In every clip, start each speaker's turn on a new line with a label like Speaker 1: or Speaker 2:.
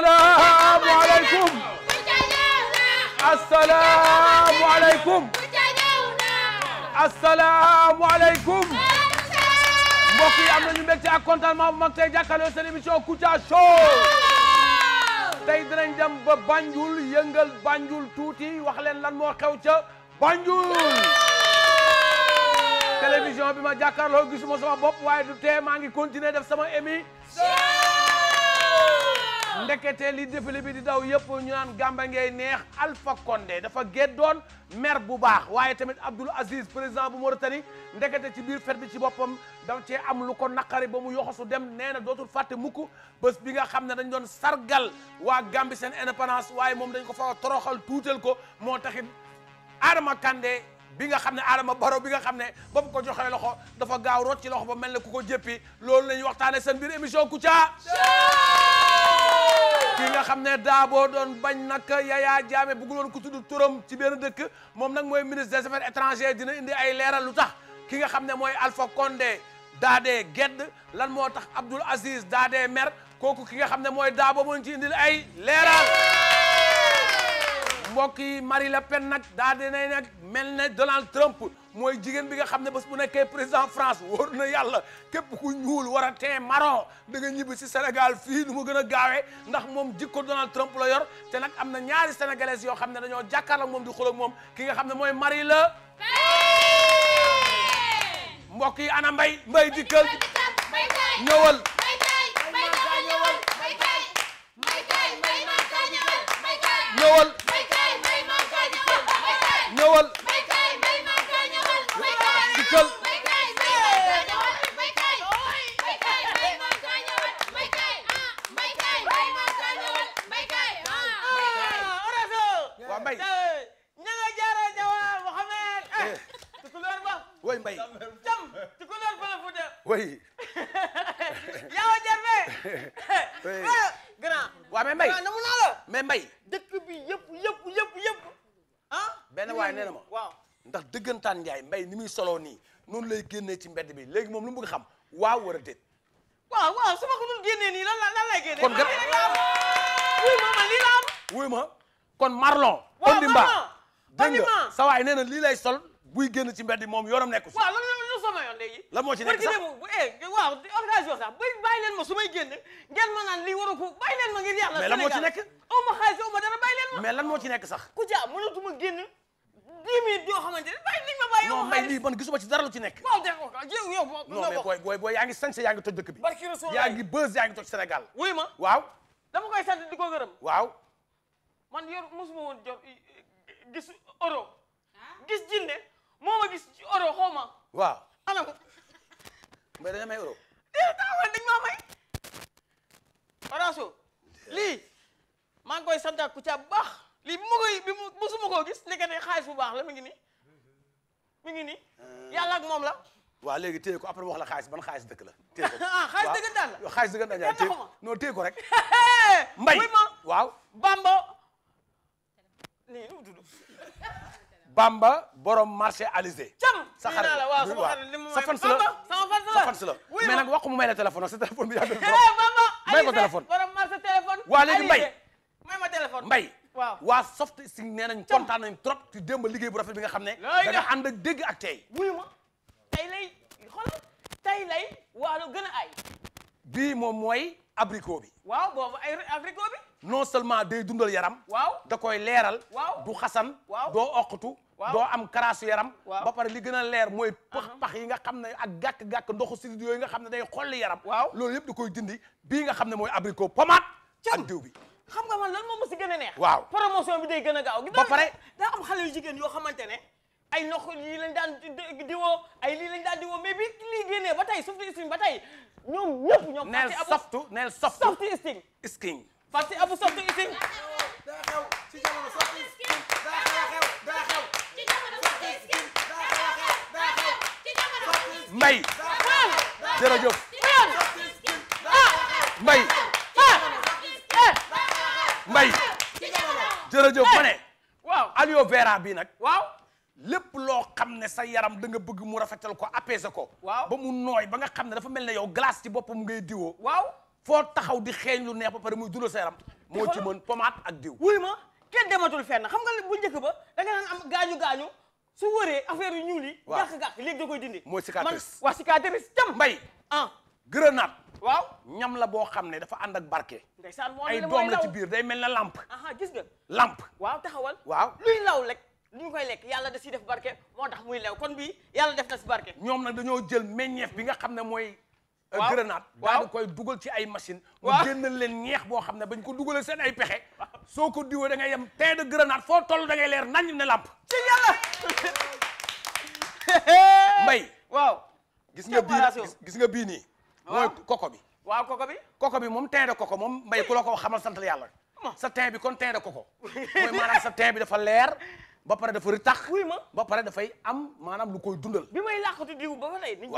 Speaker 1: السلام عليكم السلام عليكم السلام عليكم mbokk yi am nañu mbégte ak contentement bu mag tey jàkkaarloo seen Show tey dinañ Banjul yëngal Banjul tuuti wax leen lan moo xew ca Banjul télévision bi ma jàkkaarloo gisuma sama bopp waaye du tee maa ngi continuer def sama émission ndekete li défilé bi di daw yëpp ñu naan Gàmba ngay neex Alpha Condé dafa géddoon maire bu baax waaye tamit Abdoul Aziz président bu Mauritanie ndekete ci biir fête bi ci boppam daf cee am lu ko naqari ba mu yoxosu dem nee na dootul fàtte mukk bés bi nga xam ne dañ doon sargal waa Gàmbi seen indépendance waaye moom dañ ko fa toroxal tuutal ko moo taxit Adama Kandé bi nga xam ne Adama Barrow bi nga xam ne ba ko joxee loxo dafa gaaw rot ci loxo ba mel ne ku ko jéppi loolu la ñuy waxtaane seen biir émission Kouthia ki nga xam ne daaboo doon bañ nag Yaya Jammeh woon ku tudd turam ci benn dëkk moom nag mooy ministre des affaires étrangères dina indi ay leeral lu tax ki nga xam ne mooy Alpha Condé daadee gedd lan moo tax Abdoul Aziz daadee mer kooku ki nga xam ne mooy daaboo moo ci indil ay leera mbokk yi Marie Le Pen nag daa dinay nag mel ne Donald Trump mooy jigéen bi nga xam ne bés bu nekkee président France wóor na yàlla képp ku ñuul wara a tee marron da nga ñibbi si Sénégal fii nu mu gën a gaawee ndax moom jikko Donald Trump la yor te nag am na ñaari sénégalaises yoo xam ne dañoo jàkkaarloo moom di xuloo moom ki ga xam ne mooy mari Le Pen mbokk yi ana mbay mbay dikkal ñëwal ñëwal Alioune Ndiaye mbay ni muy soloo nii noonu lay génnee ci mbedd bi léegi moom lu mu bëgg xam waaw war a déet. waaw waaw su ma ko dul génnee nii lan lan ma man lii la am. wuy ma kon Marlon. sa waay nee na lii lay sol buy ci mbedd moom yoonam nekku si. waaw lan lan moo ci nekk eh, sax bu eh waaw occasion sax bay bàyyi leen ma su may ngeen ma naan lii waru ko bàyyi leen ma ngir yàlla. mais lan moo ci nekk Sénégal aw ma xaalis aw ma dara lan moo ci nekk sax. ku ja dix minutes yoo xamante ne bàyyi nañ ma bàyyi non mais ci dara lu ci nekk waaw booy booy booy yaa ngi sañse yaa ngi toj dëkk bi barki rasul yaa ngi buzz yaa ngi toj Sénégal wuy ma waaw dama koy sant di ko gërëm waaw man yor mosuma woon jor gis euro gis jinne moo ma gis euro xaw waaw anam mbay dañu may euro eh, déet taxawal dañ maa may oraso lii maa ngi koy sant ak ku baax lii bi ma koy bi mu musuma koo gis nekkee ne xaalis bu baax la mi ngi nii mi ngi nii euh. yàlla ak moom la waaw léegi téye ko après wax la xaalis ban xaalis dëkk la téye ko ah xaalis dëggantaan la xaalis dëggantaan la téye non téye ko rek mbay ma waaw bamba nii nu mu tudd bamba borom marché alizé cam sa xarit la waaw sama xarit li mu sa fans la sama fans la sa fans la mais nag wax ko mu may la téléphone sa téléphone bi yaa bamba may ko téléphone borom marché téléphone waa léegi mbay may ma téléphone mbay waaw waa soft si nee nañ kontaan nañ trop ci liggéey bu rafet bi nga xam ne da nga ànd ak dégg ak tey wuyu ma tey lay xoolal tey lay waalo gën a ay bii moom mooy abricot bi waaw boobu ay abricot bi non seulement day dundal yaram waaw da koy leeral waaw du xasan waaw doo oqatu doo am karaasu yaram ba pare li gën a leer mooy pax pax yi nga xam ne ak gàkk-gàkk ndoxu si sidid yooyu nga xam ne day xolli yaram waaw loolu yëpp da koy dindi bii nga xam ne mooy abricot pommade am diw bi xam nga man lan moom ma si gën a neex. waaw promotion bi day gën a gaaw. ba pare daa am xale yu jigéen yoo xamante ne. ay nox lii lañ daan diwoo ay lii lañ daan diwoo mais bi lii génnee ba tey softu skin ba tay ñoom ñëpp. ñoom neel softu neel softu softu skin. skin Fatou Abou softu skin. mbay mbay jërëjëf ma ne waaw Alio Vera bi nag waaw lépp loo xam ne sa yaram danga bëgg mu rafetal ko apaiser ko waaw ba mu nooy ba nga xam ne dafa mel ne yow glace ci boppam ngay diwoo waaw foo taxaw di xeeñ lu neex ba pare muy dula sa yaram moo ci mën pommade ak diw wuy ma kenn dematul fenn xam nga bu njëkk ba da nga naan am gaañu-gaañu su wëree affaire yu ñuul yi gàq-gàq léegi da koy dindi mooy si waaw cicatrice jam mbay ah grenade waaw ñam la boo xam ne dafa ànd ak barke. ndeysaan moo ay doom la ci biir day mel na lamp. gis nga lamp. waaw taxawal waaw luy law rek koy lekk yàlla da si def barke moo tax muy lew kon bii yàlla def na si barke. ñoom nag dañoo jël meññeef bi nga xam ne mooy. Euh, waaw grenade daal koy dugal ci ay machine mu génnal leen ñeex boo xam ne bañ ko dugalee seen ay pexe. soo ko diwee da ngay yem tee de grenade foo toll da ngay leer nañ ne lamp. ci mbay. waaw. nga bii gis nga bii nii. mooy koko bi waaw koko bi koko bi moom teint de koko moom mbay ku la ko xamal santal yàlla sa teint bi kon teint de koko mooy maanaam sa teint bi dafa leer ba pare dafa ritax wuy ma ba pare dafay am maanaam lu koy dundal bi may làqatu diw ba fa tey nit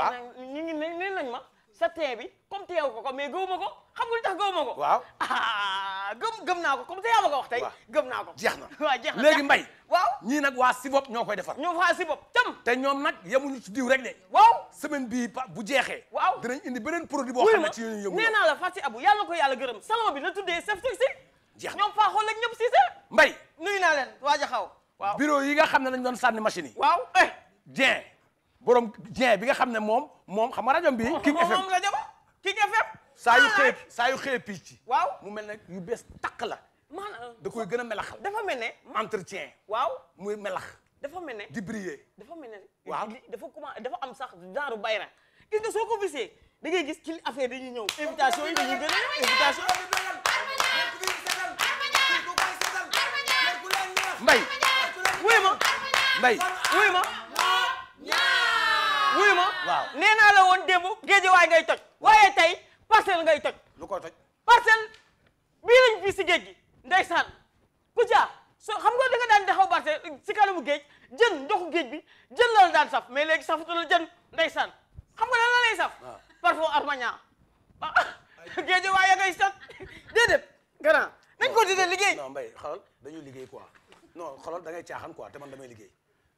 Speaker 1: ñi nit ñi nañ ma sa tee bi comme teewu ko ko mais gëwuma ko xam nga lu tax gëwuma ko. waaw ah, gëm naa ko comme te yaa ma ko wax tey. gëm naa ko jeex na waaw jeex léegi mbay. waaw nag waa si bopp ñoo koy defar. ñoo waa si bopp tam. te ñoom nag yemuñu ci diw rek de. waaw semaine bii pa bu jeexee. waaw dinañ indi beneen produit boo xam ne ci yéen yëngu. nee naa la Fatou Abou yàlla ko yàlla gërëm salon bi la tuddee chef taxi. jeex na ñoom faa xool ak ñëpp si sa. mbay nuyu naa leen waa Jaxaw. waaw bureau yi nga xam ne dañ doon sànni machine yi. waaw eh bien borom Dieng bi nga xam ne moom moom xam nga rajo bi. King FM moom rajo ba King FM. saa yu ah, xëy saa yu waaw mu mel ne yu bees takk la. maanaam euh, da koy gën a melaxal. dafa mel ne. entretien. waaw muy melax. dafa mel ne di briller. dafa mel ne waaw dafa commencé dafa am sax genre bayra gis nga soo ko visé da ngay gis ci affaire dañuy ñëw. invitation yi dañuy gën a invitation. mbay. wuy ma. ma. wuyu ma. nee naa la woon démb. waaye ngay toj. waaye tey parcelle ngay toj. lu ko toj parcelle bii si géej gi. ndeysaan Kouthia soo xam nga da nga daan taxaw parcelle si kanamu géej jën ndoxu géej bi jën la la daan saf mais léegi safatu la jën ndeysaan xam nga lan la lay saf. waaw parfum armagnan ah, ah. ngay saf déedéet gannaaw nañ ko di liggéey. non mbay xoolal dañuy liggéey noo non xoolal da ngay caaxaan quoi te man damay liggéey.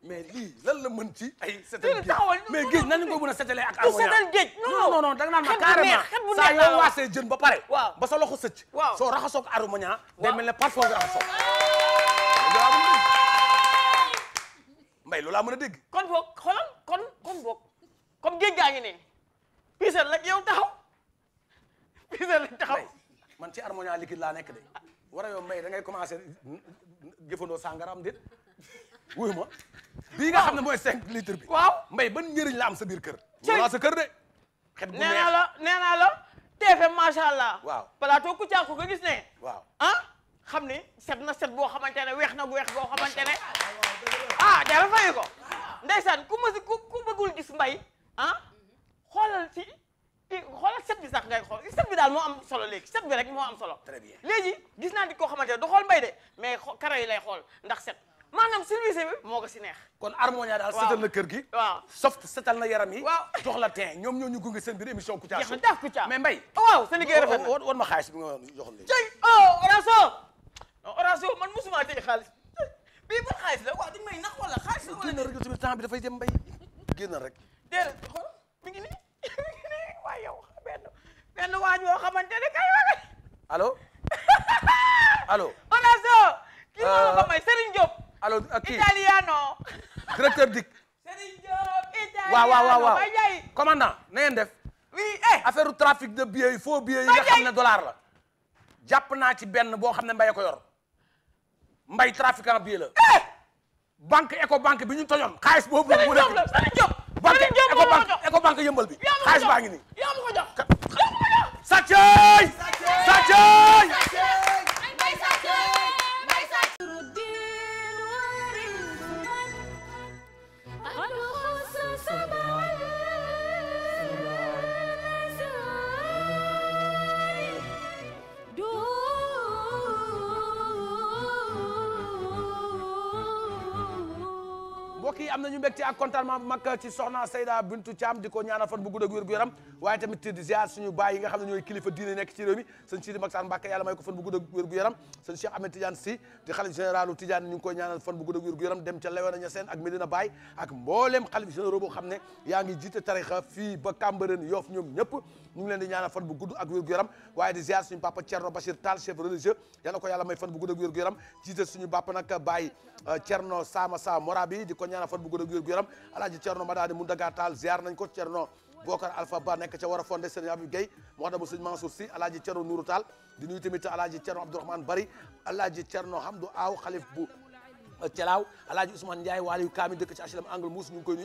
Speaker 1: mais lii lan la mën ci ay setal géej mais géej nan nga ko mën a setalee ak ammonia setal géej non non non da nga naan ma saa yoo waasee jën ba pare waaw ba sa loxo sëcc waaw soo raxasoo ko ammonia day mel ne parfum nga raxasoo mbay loolu laa mën a dégg kon boog xoolal kon kon boog comme géej gaa ngi ne pisel la yow taxaw pisel la taxaw man ci ammonia liquide laa nekk de war a mbay da ngay commencé jëfandoo sàngara am déet wuyu ma bii nga xam ne mooy cinq litres bi waaw mbay ban njëriñ la am sa biir kër waa sa kër de xet gu nee la nee la TFM macha allah waaw plateau ku caaku nga gis ne waaw ah xam ni set na set boo xamante ne weex na weex boo xamante ne ah dara fayu ko ndeysaan ku masi ku ku bëggul gis mbay ah xoolal si xoolal set bi sax ngay xool set bi daal moo am solo léegi set bi rek moo am solo très bien léegi gis naa nit koo xamante ne du xool mbay de mais karo yi lay xool ndax set maanaam service bi moo ko si neex kon harmonia daal setal na kër gi waaw soft setal na yaram yi waaw jox la teen ñoom ñoo ñu gunge seen biir émission Kouthia Show daf Kouthia mais mbay waaw sa liggéey rafet o wan ma xaalis bi nga joxoon léegi tey oh Horacio oh, Horacio man mosuma tey xaalis bii ban xaalis la waaw dañ may nax wala xaalis la génn rek tamit temps bi dafay dem mbay génn rek déedéet xool mi ngi nii mi ngi nii waaye yow benn benn waa ñoo xamante ne kay allo allo Horacio kii moo ma ko euh, may Serigne alors ak kii italiano. directeur dik. Serigne Diop italiano waaw waaw waaw commandant na ngeen def. oui eh. affaire trafic de billets yi faux billets yi nga xam ne dollar la. jàpp naa ci benn boo xam ne mbay ko yor mbay trafiquant billet la. Eh. banque Ecobank bi ñu tojoon xaalis boobu. Serigne Diop la Serigne Diop. banque Ecobank Ecobank yëmbal bi. xaalis baa ngi nii. yaa ma ko jox yaa ma ko jox. sàccee sàccee am nañu mbégte ak contentement bu mag ci soxna Seyda Bintu Thiam di ko ñaanal fan bu gudd ak gu yaram waaye tamit di ziar suñu baay yi nga xam ne ñooy kilifa diine nekk ci mi sëñ Sidi Maxtaar Mbàkke yàlla ko fan bu gudd ak wér gu yaram sëñ Cheikh Ahmed Tidiane Sy di xalif généralu Tidiane ñu ngi koy ñaana fan bu gudd ak wér gu yaram dem ca Léona Niassène ak Medina xalif généraux boo xam ne yaa ngi jiite tarixa fii ba Cambérène Yoff ñoom ñëpp ñu leen di ñaanal fan bu gudd ak wér-gu-yaram waaye di ziar suñu papa Thierno Bachir Tall chef religieux yàlla ko yàlla may fan bu gudd ak wér-gu-yaram jiite suñu papa nag Baye euh, Thierno Sama Sa Morabi di ko ñaanal fan bu gudd ak wér-gu-yaram alaaji Thierno Madani Mundaga Tall ziar nañ ko Thierno Bokar Alpha nekk ca war a fondé Serigne Abib Gueye moo tax mu Serigne Mansour Sy alaaji Thierno Nourou Tall di nuyu tamit alaaji Thierno Abdourahmane Bari alaaji bu euh, Thelaaw alaaji Ousmane Ndiaye waaliyu kaami dëkk ci HLM Angle Mousse ñu ngi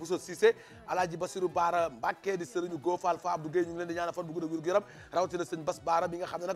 Speaker 1: Bousso Cissé alaaji Basiru Baara Mbàkke di sëriñu Gofal Fa Abdou Gueye ñu ngi leen di ñaanal fan bu gudd ak wér gu yaram rawatina sëñ Bas Baara bi nga xam ne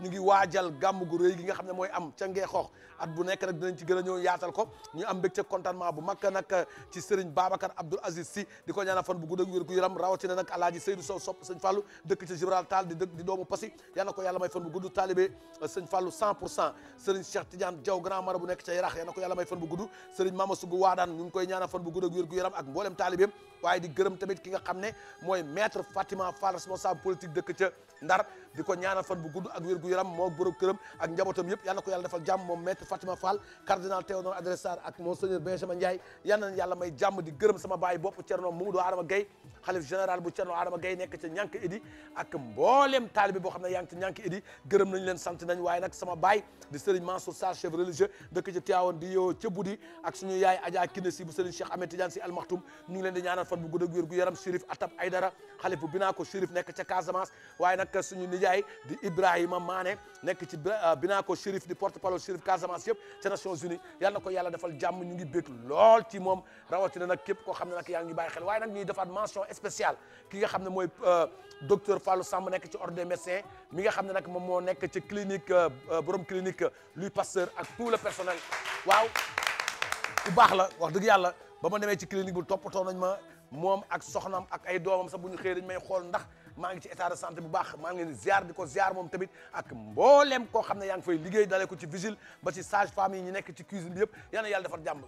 Speaker 1: nag waajal gàmm gu gi nga xam ne mooy am ca Ngeexoox at bu nekk nag dinañ ci a yaatal ko ñu am mbégte contentement bu mag nag ci Serigne Babacar Abdoul Aziz Sy di ko ñaanal fan bu gudd ak wér gu yaram rawatina nag Alaaji Seydou Sow sopp Sëñ Fallou dëkk ci Gibraltar di di doomu Passy yal ko yàlla fan bu gudd taalibe euh, Mama Sougou Waadaan ñu koy ñaanal fan bu gudd ak wér gu yaram ak mboolem taalibeem waaye di gërëm tamit ki nga xam ne mooy maître Fatima Fall responsable politique dëkk di ko ñaanal fan bu gudd ak wér gu yaram moo borom këram ak njabootam yëpp yal na ko yàlla defal jàmm moom maître Fatima Fall cardinal Théodore Adrien Sarr ak monseigneur Benjamin Ndiaye yal na yàlla may jàmm di gërëm sama baay bopp Thierno Mamadou a Gueye xalif général bu Thierno Adama Gaye nekk ca ñànk idi ak mbooleem taalibe boo xam ne yaa ngi ca ñànk idi gërëm nañ leen sant waaye nag sama baay di Serigne Mansour Sarr chef religieux dëkk ci Tivaouane di yow ca Budi ak suñu yaay Adja Kiné si bu Serigne Cheikh Ahmed Tidiane si ñu leen di ñaanal fan bu gudd ak gu yaram Chérif Atab Aydara xalif bu Binaako Chérif nekk ca Casamance waaye nag suñu nijaay di Ibrahima Mané euh, di porte-parole ne spécial ki nga xam ne mooy euh, docteur Fallou Samb nekk ci ordre des médecins mi nga xam ne nag moom moo nekk ci clinique euh, euh, borom clinique Louis Pasteur ak tout le personnel waaw bu baax la wax dëgg yàlla ba ma demee ci clinique bu toppatoo nañ ma moom ak soxnam ak ay doomam sax bu ñu xëyee dañ may xool ndax maa ngi ci état de santé bu baax maa ngi leen ziar di ko ziar moom tamit ak mboolem koo xam ne yaa ngi fay liggéey dale ko ci vigile ba ci sage femme yi ñu nekk ci cuisine yëpp yal na yàlla defar jàmm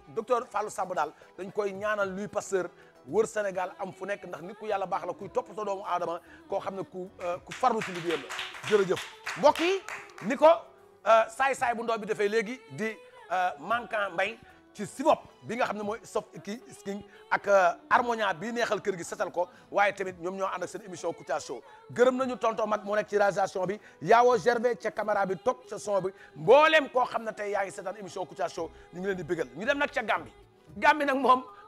Speaker 1: wër Sénégal am fu nekk ndax nit ku yàlla baax la kuy topp sa doomu aadama koo xam ne ku euh, ku farlu ci liggéeyam jërëjëf mbokk yi ni ko euh, saay-saay bu ndaw bi defee léegi di euh, mankan mbay ci sibop bi nga xam ne mooy sof kii skiing ak harmonia bi neexal kër gi setal ko waaye tamit ñoom ñoo ànd ak seen émission Kouthia Show gërëm nañu tonton mag moo nekk ci réalisation bi yaawoo gervé ca caméra bi toog ca son bi mbooleem koo xam ne tey yaa ngi seetaan émission Kouthia leen di bégal ñu dem nag ca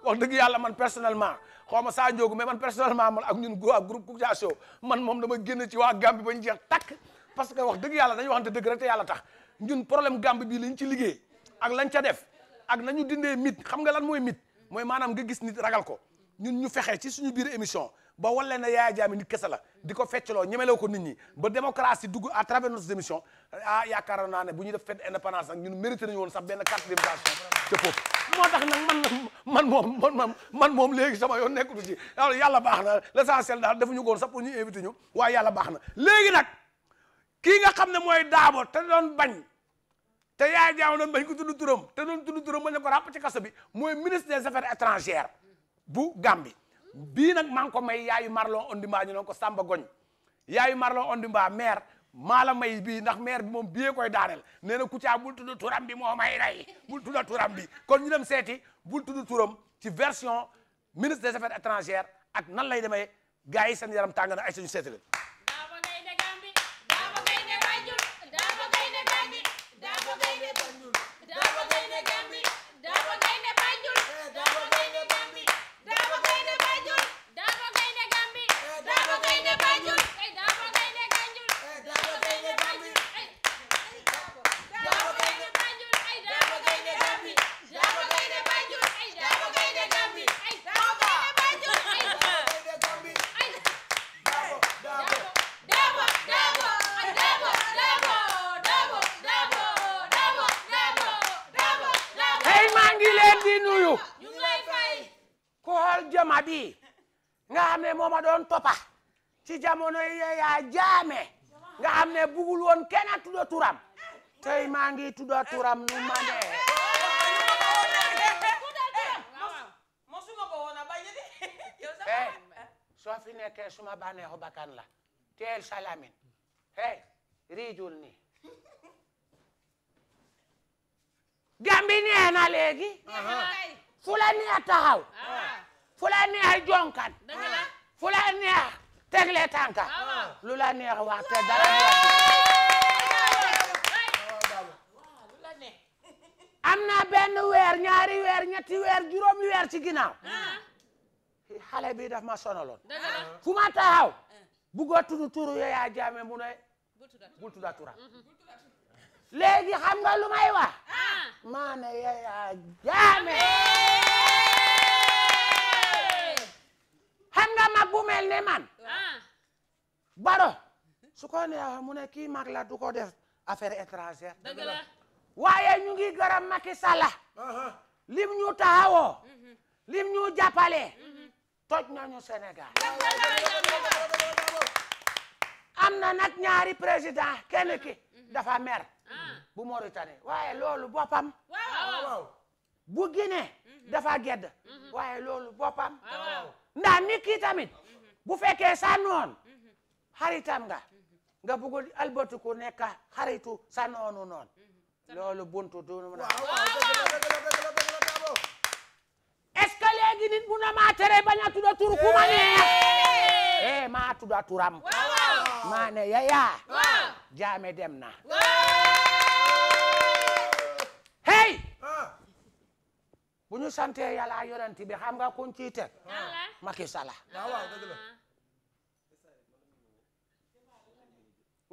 Speaker 1: wax dëgg yàlla man personnellement xaw ma saa njoogu mais man personnellement man ak ñun waa groupe Kouthia Show man moom dama génn ci waa Gambie bañ jeex takk parce que wax dëgg yàlla dañu waxante dëgg rek te yàlla tax ñun problème Gambie bii lañ ci liggéey ak lañ ca def ak nañu dindee mit xam nga lan mooy mit mooy maanaam nga gis nit ragal ko ñun ñu fexe ci suñu biir émission ba walee na Yaya Jammeh nit kese la di ko feccloo ñemeloo ko nit ñi ba démocratie dugg à travers nos émissions ah yaakaar naa ne bu ñuy def fête indépendance nag ñun mérité nañu woon sax benn carte d'invitation te moo tax nag man man moom man man man moom léegi sama yoon nekkul ci yàlla baax na l'essentiel daal defuñu ko woon sax pour ñu invité ñu waaye yàlla baax na léegi nag kii nga xam ne mooy Dabo te doon bañ te Yaya Jammeh doon bañ ko tudd turam te doon tudd turam ba ne ko ràpp ci kaso bi mooy ministre des affaires étrangères bu Gambie bii nag maa ko may yaayu marlo Ondimba ñu ko Samba Goñ yaayu Marlon Ondimba maire maa la may bii ndax maire bi moom bii koy daaneel ku na Kouthia bul tudd turam bi moo may rey bul tudd turam bi kon ñu dem seeti bul tudd turam ci version ministre des affaires étrangères ak nan lay demee gars yi seen yaram tàng na ay suñu Paul Jama bi nga xam ne moo ma doon toppa ci jamono Yaya Jammeh nga xam ne bugul woon kenn a turam tey maa ngi tudda turam nu ma neex eh, hey eh, soo fi nekkee suma bànneexu bakkan la teel salamin hey eh, riijul ni Gambi neex na léegi fu la neex taxaw ah. fu la neex jonkan fu la neex tegle tànka lu la neex wax te dara am na benn weer ñaari weer ñetti weer juróomi weer ci ginnaaw xale bi daf ma sonaloon fu ma taxaw buggoo turu Yaya Jammeh mu ne bul tudda turam léegi xam nga lu may wax ah. maa xam nga mag bu mel ne man. Ah. baro su ko neexee mu ne kii mag la du ko def affaire étrangère. dëgg la waaye ñu ngi gërëm Macky Sall. lim ñu taxawoo. Mhm. lim ñu jàppale. Mhm. toj nañu senegal am na nag ñaari président kenn mhm. dafa mer. Ah. bu Mauritanie waaye loolu boppam. bu Guinée mhm. dafa gedd mhm. waaye loolu boppam ah, ndax nit ki tamit mhm. bu fekkee sa noon xaritam nga nga bëggul albatu ku nekk xaritu sa noonu noon loolu buntu du na est-ce que na maa tere bañ a tudda tur ku ma eh, maa tudda turam maa ne yaya jaame dem na bu ñu santee yàlla yonent bi xam nga kuñ ciy teg ah. Macky Sall ah. Ah, waaw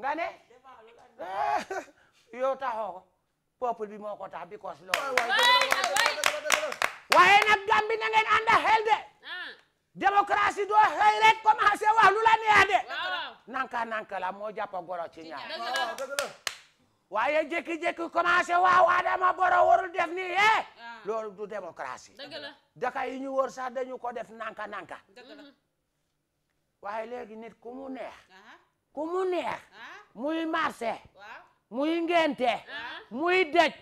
Speaker 1: nga ne yow taxoo ko peuple bi moo ko tax because loolu waaye nag Gambie na ngeen ànd de démocratie doo xëy rek commencé wax lu la neex de nanka nanka la moo jàpp goro ci ñaar waaye jékki-jékki commencé waaw Adama Barrow warul def nii eh Ah. loolu du démocratie. dëgg la daka yi ñu wóor sax dañu ko def nanka nanka. Mm-hmm. waaye léegi nit ku mu neex. Ah. ku mu neex. Ah. muy marché. muy ngénte. muy dëj.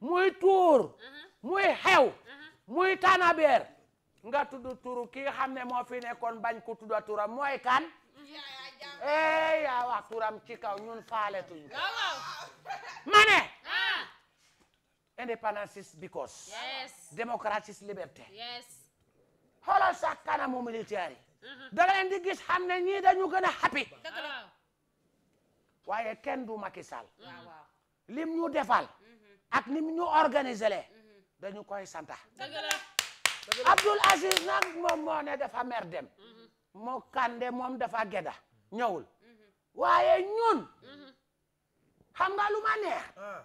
Speaker 1: muy tuur. muy xew. muy tanabeer. nga tudd turu ki nga xam ne moo fi nekkoon bañ ko tudda turam mooy kan. eh yaa wax turam ci kaw ñun faale tuñ ko. indépendance is because. yes démocratie is liberté. yes. xoolal sax kanamu militaire yi. Mhm. da nga leen di gis xam ne ñii dañu gën a happy. waaye kenn du Macky Sall. Mhm. Ah, lim ñu defal. Mhm. ak nim ñu organise le dañu koy santa. Abdoul Aziz nag moom moo ne dafa mer dem. kande moom dafa gedda ñëwul. waaye ñun. xam nga lu ma neex. Ah.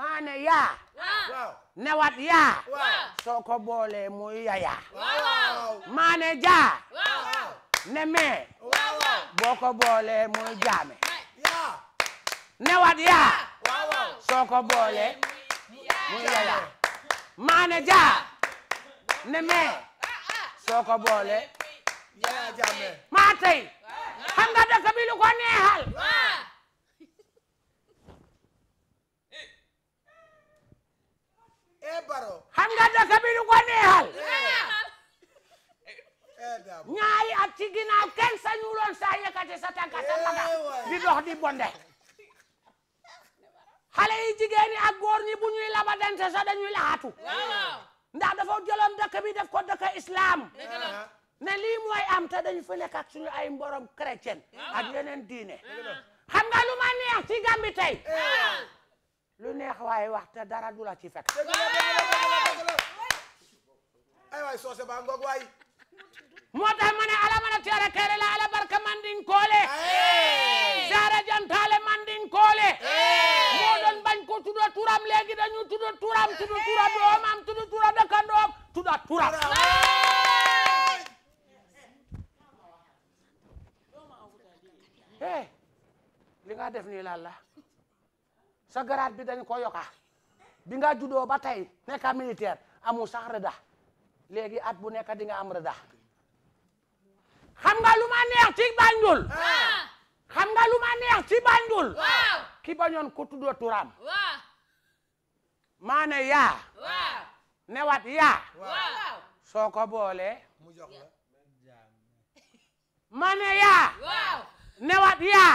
Speaker 1: maane yaa newat yaa soo ko boolee muy yaya maane jaa ne mee boo ko boolee muy jaame newat yaa soo ko boolee muy yaya maane jaa ne mee soo ko boolee maa tey xam nga dëkk bi lu ko neexal xam nga dëkk bi du ko neexal. ñaari at ci ginnaaw kenn sañu loon saa yëkkati sa tànka sa eh, di dox di bonde. xale yi jigéen ñi ak bu ñuy laba dente sa dañuy laxatu. ndax dafa jëloon dëkk bi def ko dëkk islam. ne lii mooy am te dañu fi nekk ak suñu ay mborom chrétien. ak yeneen diine. xam nga lu ma neex ci lu neex waaye wax dara du la ci fekk. ay waay soose ba ngoog waay. moo tax ma ne ala ma ne teere kere la ala barka mandin koole. saara jantaale mandin koole. moo doon bañ ko tuddo turam léegi dañu tuddo turam tuddo tura doomam tuddo tura dëkkandoom tuddo turam. li nga def nii la. sa garaat bi dañ ko yokka bi nga juddoo ba tey nekka militaire amul sax rëda léegi at bu nekk di nga am rëda xam nga lu ma neex ci Banjul ki bañoon ku tuddoo turam maa ne yaa newat yaa soo ko boolee ma ne yaa newat yaa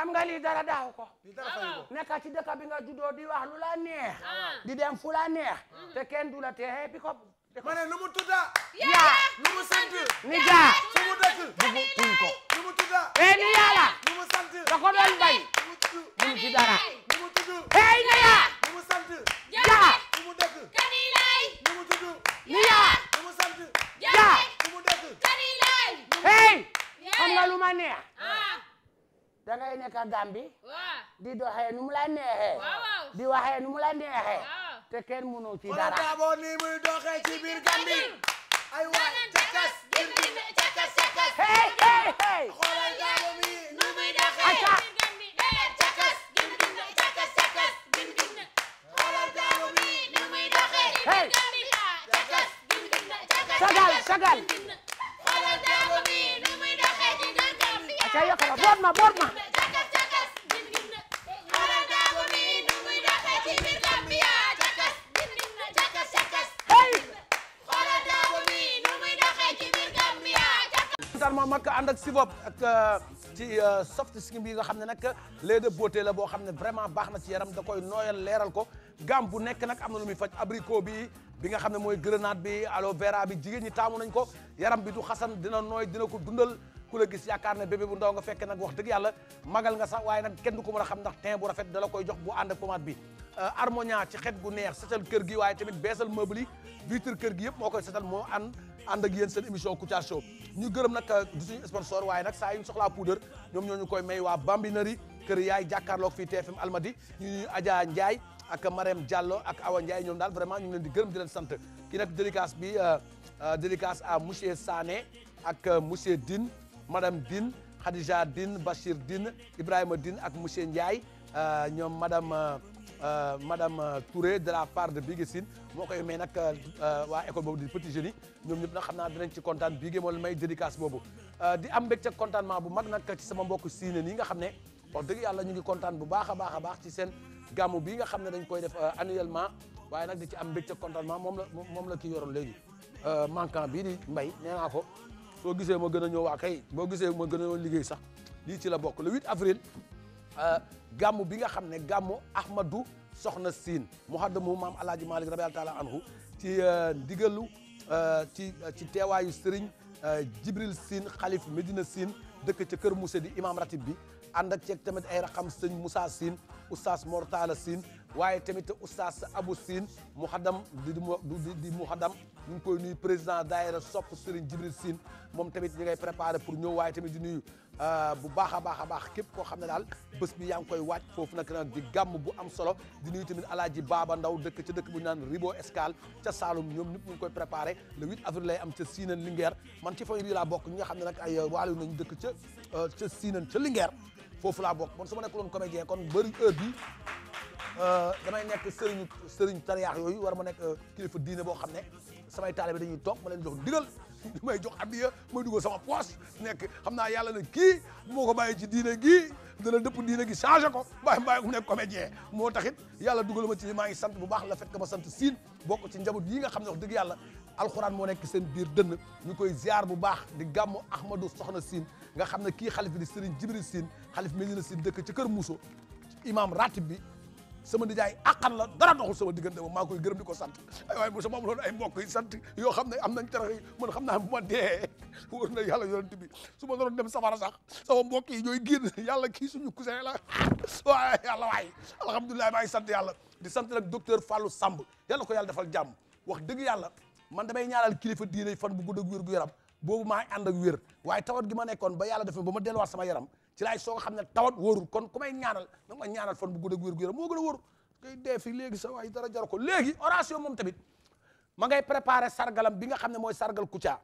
Speaker 2: xam nga lii dara daaw
Speaker 1: ko nekka ci dëkk bi nga juddoo di wax lu la neex ah. Ah. di dem fu la neex mm. te kenn du la te hee bi ko ma ne nu mu tudda yaa nu mu sant ni jaa su mu dëkk bugu tuñ ko nu mu tudda ee ni yàlla nu mu sant da ko doon bay nu mu ci dara nu mu tuddu ee ni yaa nu mu sant jaa su mu dëkk kani lay nu mu tuddu ni yaa nu mu sant jaa su mu dëkk kani lay hey xam nga lu ma neex ah. dangay nekk Gàmbi di doxee nu mu la neexee di waxee nu mu la neexee te kenn mënoo ci dara Dabo ni muy doxee ci biir Gàmbi ay waay cakas cakas cakas hey hey hey xoolal Dabo mi nu muy doxee ci biir Gàmbi cakas cakas cakas xoolal Dabo mi nu muy doxee ci biir Gàmbi cakas cakas cakas sagal sagal xoolal Dabo mi ca yokkara boot ma boot ma ma makk ànd ak sibop ak euh, ci euh, soft skin bi nga xam ne nag lait de la boo xam ne vraiment baax na si yaram da koy nooyal leeral ko gam bu nekk nag am na lu muy faj abricot bi bi nga xam ne mooy grenade bi alo vera bi jigéen ñi taamu nañ ko yaram bi du xasan dina nooy dina ko dundal ku la gis yaakaar ne bébé bu ndaw nga fekk nag wax dëgg yàlla magal nga sax waaye nag kenn du ko mën a xam ndax teint bu rafet dala koy jox bu ànd ak bi Euh, harmonia ci xet gu neex setal kër gi waaye tamit beesal meuble yi vitre kër gi yëpp moo koy setal moo ànd ànd ak yéen seen émission Kouthia Show ñu gërëm nag euh, du suñu sponsor waaye nag saa soxla ñu soxlaa ñoom ñoo ñu koy may waa Bambinari kër yaay jàkkaarloog fii TFM Almadi ñu ñuy Adja Ndiaye ak Marème Diallo ak Awa Ndiaye ñoom daal vraiment ñu ngi leen di gërëm di leen sant kii nag dédicace bi euh, dédicace à monsieur saane ak monsieur din madame Dine Khadija Dine Bachir din Ibrahima din ak monsieur Ndiaye ñoom madame Euh, madame euh, Touré de la part de Bigué Sine moo koy may nag euh, waa école boobu di Petit Génie ñoom ñëpp na xam naa dinañ ci kontaan Bigué moo leen may dédicace boobu di am mbégte contentement bu mag nag ci sama mbokk siine yi nga xam ne wax dëgg yàlla ñu ngi kontaan bu baax a baax a baax ci seen gàmmu bii nga xam ne dañ koy def annuellement waaye nag di ci am mbégte contentement moom la moom la ki yoroon léegi manquant bii di mbay nee naa ko soo gisee ma gën a ñëw waa kay boo gisee moo gën a ñëw liggéey sax lii ci la bokk la 8 avril Euh, gàmmu bi nga xam ne gàmmu Ahmadou Soxna Siin muhaddamu maam Alaaji Maalik rabiyal taala anhu ci euh, ndigalu euh, ci ci teewaayu sëriñ Jibril Siin xalif Medina Siin dëkk ca kër Moussé di imam ratib bi ànd ak ceeg tamit ay raxam sëñ Moussa Siin oustaz Mortala Siin waaye tamit oustaz Abou Sine muxadam di di di muxadam ñu ngi koy nuyu président daayira sopp Serigne Jibril siin moom tamit ñi ngay préparé pour ñëw waaye tamit di nuyu euh, bu baax a baax a baax képp koo xam ne daal bés bi yaa ngi koy waaj foofu nag nag di gàmm bu am solo di nuyu tamit alaaji Baaba Ndaw dëkk ca dëkk bu ñu naan Ribo Escale ca Saloum ñoom ñëpp ñu koy préparé le 8 avril lay am ca Sinane Linguère man ci famille bi laa bokk ñi nga xam ne nag ay euh, waalo nañu dëkk ca euh, ca foofu laa bokk man su ma nekkuloon comédien kon bëri heure bi Euh, damay nekk sëriñu sëriñu tariyaax yooyu war ma nekk euh, kilifa diine boo xam ne samay taalibe dañuy toog ma leen jox ndigal li may jox addiya may dugal sama poche nekk xam naa yàlla na kii moo ko bàyyi ci diine gii dana dëpp diine gi changé ko bàyyi bàyyi mu nekk comédien moo taxit yàlla dugal ma ci maa ngi sant bu baax la fekk ma sant siin bokk ci njaboot yi nga xam ne wax dëgg yàlla alxuraan moo nekk seen biir dënn ñu koy ziar bu baax di gàmmu Ahmadou Soxna Siin nga xam ne kii xalif bi di Serigne Jibril Siin xalif Medina Siin dëkk ci kër Mousso imam ratib sama nijaay àqan la dara doxul sama diggante moom maa koy gërëm di ko sant ay waaye bu sama am loolu ay mbokk yi sant yoo xam ne am nañ tarax yi man xam naa bu ma dee wóor na yàlla yonent bi su ma doon dem safara sax sama mbokk yi ñooy génn yàlla kii suñu cousin la waaye yàlla waay alhamdulilah maa ngi sant yàlla di sant nag docteur Fallou Samb yàlla ko yàlla defal jàmm wax dëgg yàlla man damay ñaanal kilifa diine fan bu gudd ak wér gu yaram boobu maa ànd ak wér waay tawa gi ma nekkoon ba yàlla def ba ma delluwaat sama yaram ci laay soo xam ne tawat wóorul kon ku may ñaanal nag ma ñaanal fan bu gudd ak wér gu yaram moo gën a wóor ngay dee fi léegi sa waay dara jar ko léegi Horacio moom tamit ma ngay préparé sargalam bi nga xam ne mooy sargal Kouthia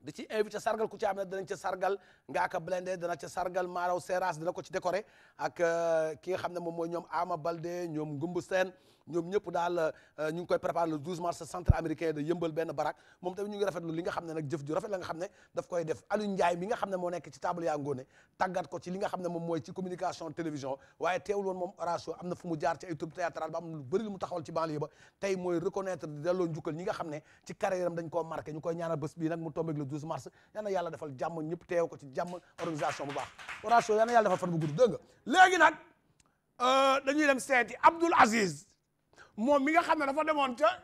Speaker 1: di ci invité sargal Kouthia bi nag danañ ca sargal Ngaaka Blindé dana ca sargal Maraw Seras na ko ci décoré ak euh, ki nga xam ne moom mooy ñoom Ama Balde ñoom Ngumbu Seen ñoom ñëpp daal euh, ñu ngi koy préparé le 12 mars centre américain de yëmbal benn barak moom tamit ñu ngi rafetlu li nga xam ne nag jëf ju rafet la nga xam ne daf koy def Aliou Ndiaye mi nga xam ne moo nekk ci table yaa ngoone tàggat ko ci li nga xam ne moom mooy ci communication télévision waaye teewul woon moom oration am na fu mu jaar ci ay troupe ba am lu bëri lu mu taxawal ci banlieue ba tey mooy reconnaître delloo njukkal ñi nga xam ci carrière am dañ koo marqué ñu koy ñaanal nag mu tombé moom mi nga xam ne dafa demoon ca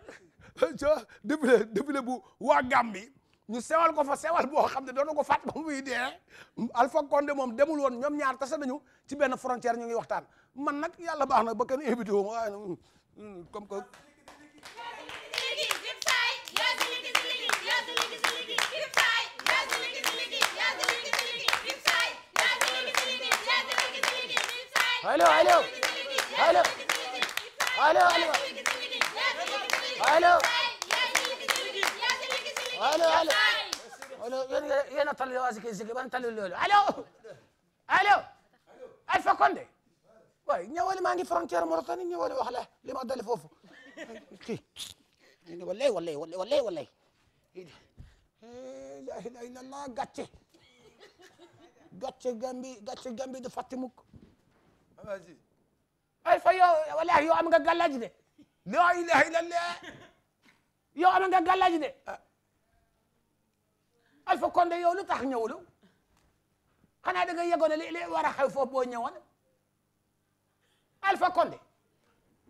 Speaker 1: ca défilé défilé bu waa Gàmbi ñu sewal ko fa sewal boo xam ne doon na ko fàtt ba muy dee Alpha Condé moom demul woon ñoom ñaar tase nañu ci benn frontière ñu ngi waxtaan man nag yàlla baax na ba kenn invité wu ma waaye hmm, comme que. allo Alo alo. Alo. Alo alo. Alo yéen yéen a tal yow asike sike ban talul loolu alo. Alo. Alpha Condé. waay ñëwale maa ngi frontière Mauritanie ñëwale wax la li ma dale foofu. kii wallahi wallahi wallahi wallahi. Eh, la ilaha illallah gàcce. gàcce gambi gàcce gambi du fàtte mukk. ay fa yow wallaahi yow am nga gàllaji de laa ilaha illallah yow am nga gàllaji de ay ah. fa yow lu tax ñëwulu xanaa da nga yegoon li li war a xew foofu boo ñëwoon Alpha Condé